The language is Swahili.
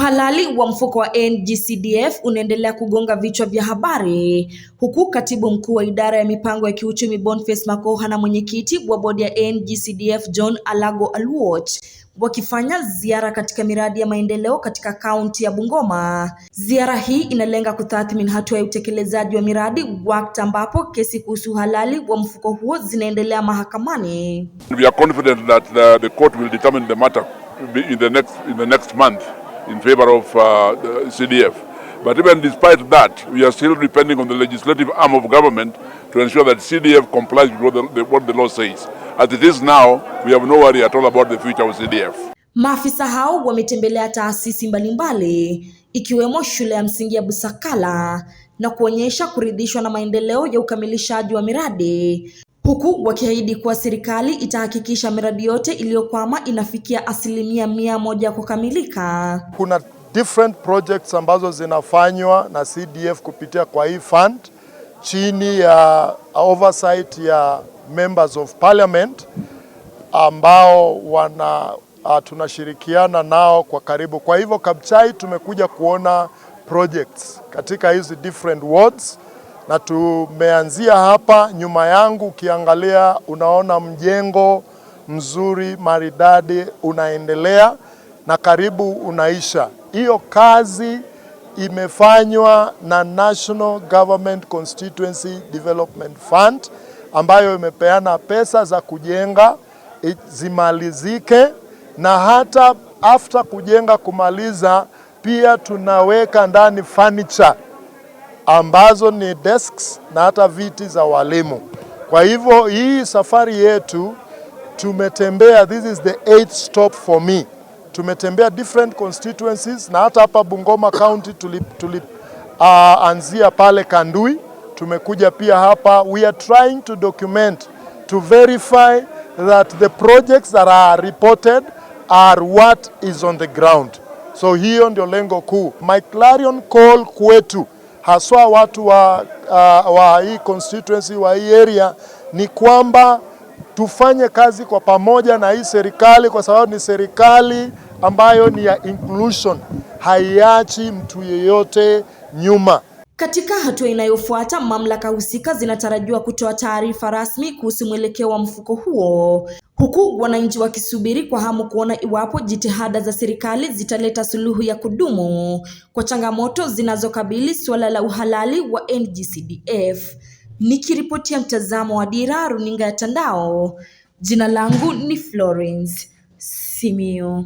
Uhalali wa mfuko wa NGCDF unaendelea kugonga vichwa vya habari huku katibu mkuu wa idara ya mipango ya kiuchumi Boniface Makoha na mwenyekiti wa bodi ya NGCDF John Alago Aluoch wakifanya ziara katika miradi ya maendeleo katika kaunti ya Bungoma. Ziara hii inalenga kutathmini hatua ya utekelezaji wa miradi wakati ambapo kesi kuhusu uhalali wa mfuko huo zinaendelea mahakamani. We are confident that the, uh, the court will determine the matter in the next, in the next month in favor of uh, the CDF. But even despite that, we are still depending on the legislative arm of government to ensure that CDF complies with what the, the, what the law says. As it is now, we have no worry at all about the future of CDF. Maafisa hao wametembelea taasisi mbalimbali ikiwemo shule ya msingi ya Busakala na kuonyesha kuridhishwa na maendeleo ya ukamilishaji wa miradi huku wakiahidi kuwa serikali itahakikisha miradi yote iliyokwama inafikia asilimia mia moja kukamilika. Kuna different projects ambazo zinafanywa na CDF kupitia kwa hii fund chini ya oversight ya members of parliament ambao wana ah, tunashirikiana nao kwa karibu. Kwa hivyo Kabuchai tumekuja kuona projects katika hizi different wards na tumeanzia hapa. Nyuma yangu ukiangalia, unaona mjengo mzuri maridadi unaendelea na karibu unaisha. Hiyo kazi imefanywa na National Government Constituency Development Fund ambayo imepeana pesa za kujenga zimalizike, na hata after kujenga kumaliza, pia tunaweka ndani furniture ambazo ni desks na hata viti za walimu. Kwa hivyo hii safari yetu tumetembea, this is the eighth stop for me. Tumetembea different constituencies na hata hapa Bungoma County tulip, tuli, uh, pale Kandui tumekuja pia hapa. We are trying to document to verify that the projects that are reported are what is on the ground. So hiyo ndio lengo kuu. My clarion call kwetu haswa watu wa, uh, wa hii constituency wa hii area ni kwamba tufanye kazi kwa pamoja na hii serikali, kwa sababu ni serikali ambayo ni ya inclusion, haiachi mtu yeyote nyuma. Katika hatua inayofuata, mamlaka husika zinatarajiwa kutoa taarifa rasmi kuhusu mwelekeo wa mfuko huo, huku wananchi wakisubiri kwa hamu kuona iwapo jitihada za serikali zitaleta suluhu ya kudumu kwa changamoto zinazokabili suala la uhalali wa NG-CDF. Nikiripotia mtazamo wa Dira Runinga ya Tandao, jina langu ni Florence Simio.